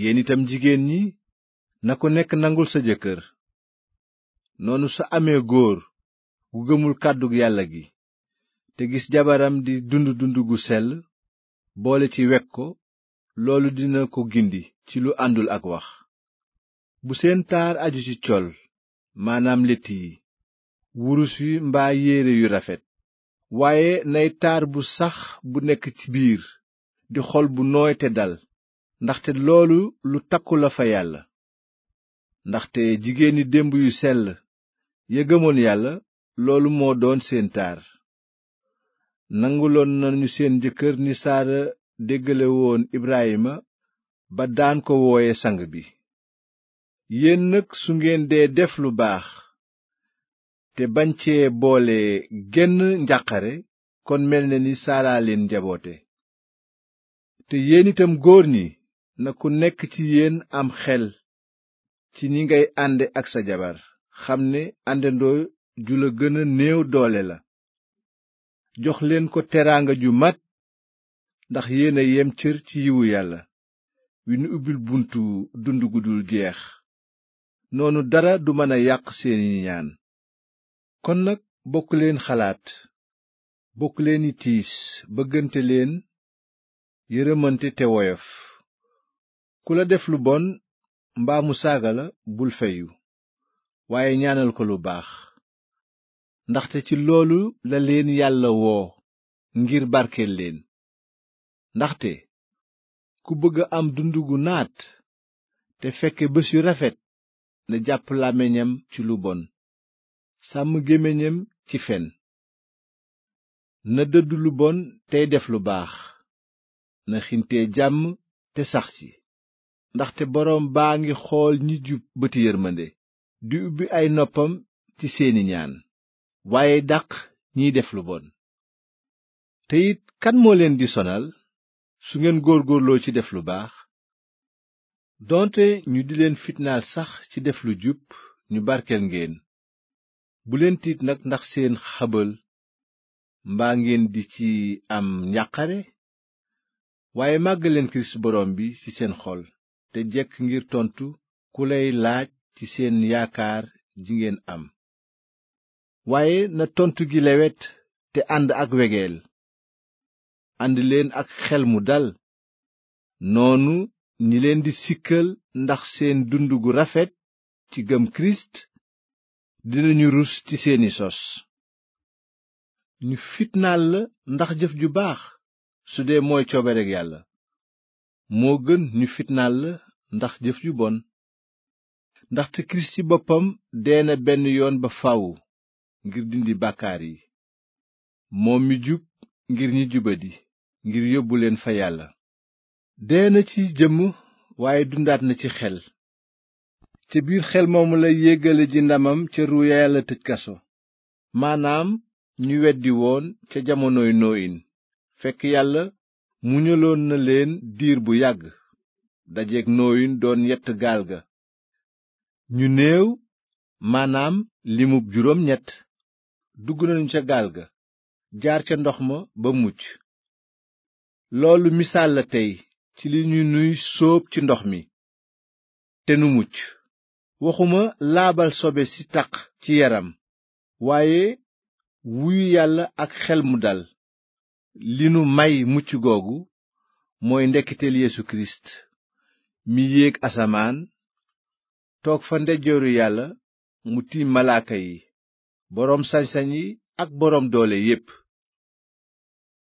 yéen itam jigéen ñi na ko nekk nangul sa jëkkër noonu sa amee góor gu gëmul kàddu yàlla gi te gis jabaram di dund dund gu sell boole ci wek ko loolu dina ko gindi ci lu àndul ak wax bu seen taar aju ci col maanaam létt yi wurus wi mbaa yéere yu rafet waaye nay taar bu sax bu nekk ci biir di xol bu nooy te dal ndaxte loolu lu takku la fa yàlla ndaxte jigéeni démb yu sell ya yàlla loolu moo doon seen taar nanguloon nañu seen jëkkër ni saara déggale woon ibraayima ba daan ko wooye sang bi yéen nag su ngeen dee def lu baax te bañ cee boole genn njàqare kon mel na ni saara leen njaboote te yéen góor ñi na ku nekk ci yéen am xel ci ni ngay ànde ak sa jabar xam ne àndandoo ju la gën a néew doole la jox leen ko teraanga ju mat ndax yéen a yem cër ci yiwu yàlla wi nu ubbil buntu dund gudul jeex noonu dara du mën a yàq seeni ñaan kon nag bokk leen xalaat bokk leen i tiis bëggante leen yërëmante te woyof ku la def lu bon mbaamu saaga la bul feyu waaye ñaanal ko lu baax ndaxte ci loolu la leen yàlla woo ngir barkeel leen ndaxte ku bëgg am dund gu naat te fekke bés yu rafet na jàpp làmmiñam ci lu bon sàmm gémmiñam ci fen na dëddu lu bon tey def lu baax na xintee jàmm te sax ci ndaxte boroom baa ngi xool ñi jub bëti yërmande di ubbi ay noppam ci seeni ñaan waaye dàq ñiy def lu bon te it kan moo leen di sonal su ngeen góor góorloo ci def lu baax doonte ñu di leen fitnaal sax ci def lu jub ñu barkeel ngeen bu leen tiit nag ndax seen xabal mbaa ngeen di ci am njàqare waaye màggaleen kirist boroom bi ci seen xol te jekk ngir tontu ku lay laaj ci seen yaakaar ji ngeen am waaye na tontu gi lewet te ànd ak wegeel ànd leen ak xel mu dal noonu ñi leen di sikkal ndax seen dund gu rafet ci gëm kirist dinañu rus ci seeni sos ñu fitnaal la ndax jëf ju baax su mooy coobareg yàlla moo gën ñu fitnaal ndax jëf yu bon ndaxte kirist ci boppam dee na benn yoon ba faw ngir dindi bàkkaar yi moom mi jub ngir ñi jubadi ngir yóbbu leen fa yàlla dee na ci jëmm waaye dundaat na ci xel ci biir xel moomu la yéegale ji ndamam ca ruu yàlla tëj kaso maanaam ñu weddi woon ca jamonoy nooyin fekk yàlla ñëloon na leen diir bu yàgg dajeeg nooyin doon yett gaal ga ñu néew maanaam limub juróom ñett dugg nañu ca gaal ga jaar ca ndox ma ba mucc loolu misaal la tey ci li ñu nuy sóob ci ndox mi te nu mucc waxuma laabal sobe si taq ci yaram waaye wuyu yàlla ak xel mu dal li nu may mucc googu mooy ndekkiteel Yeesu Kirist mi yéeg asamaan toog fa ndeyjooru yàlla mu tiim malaaka yi boroom sañ-sañ yi ak boroom doole yépp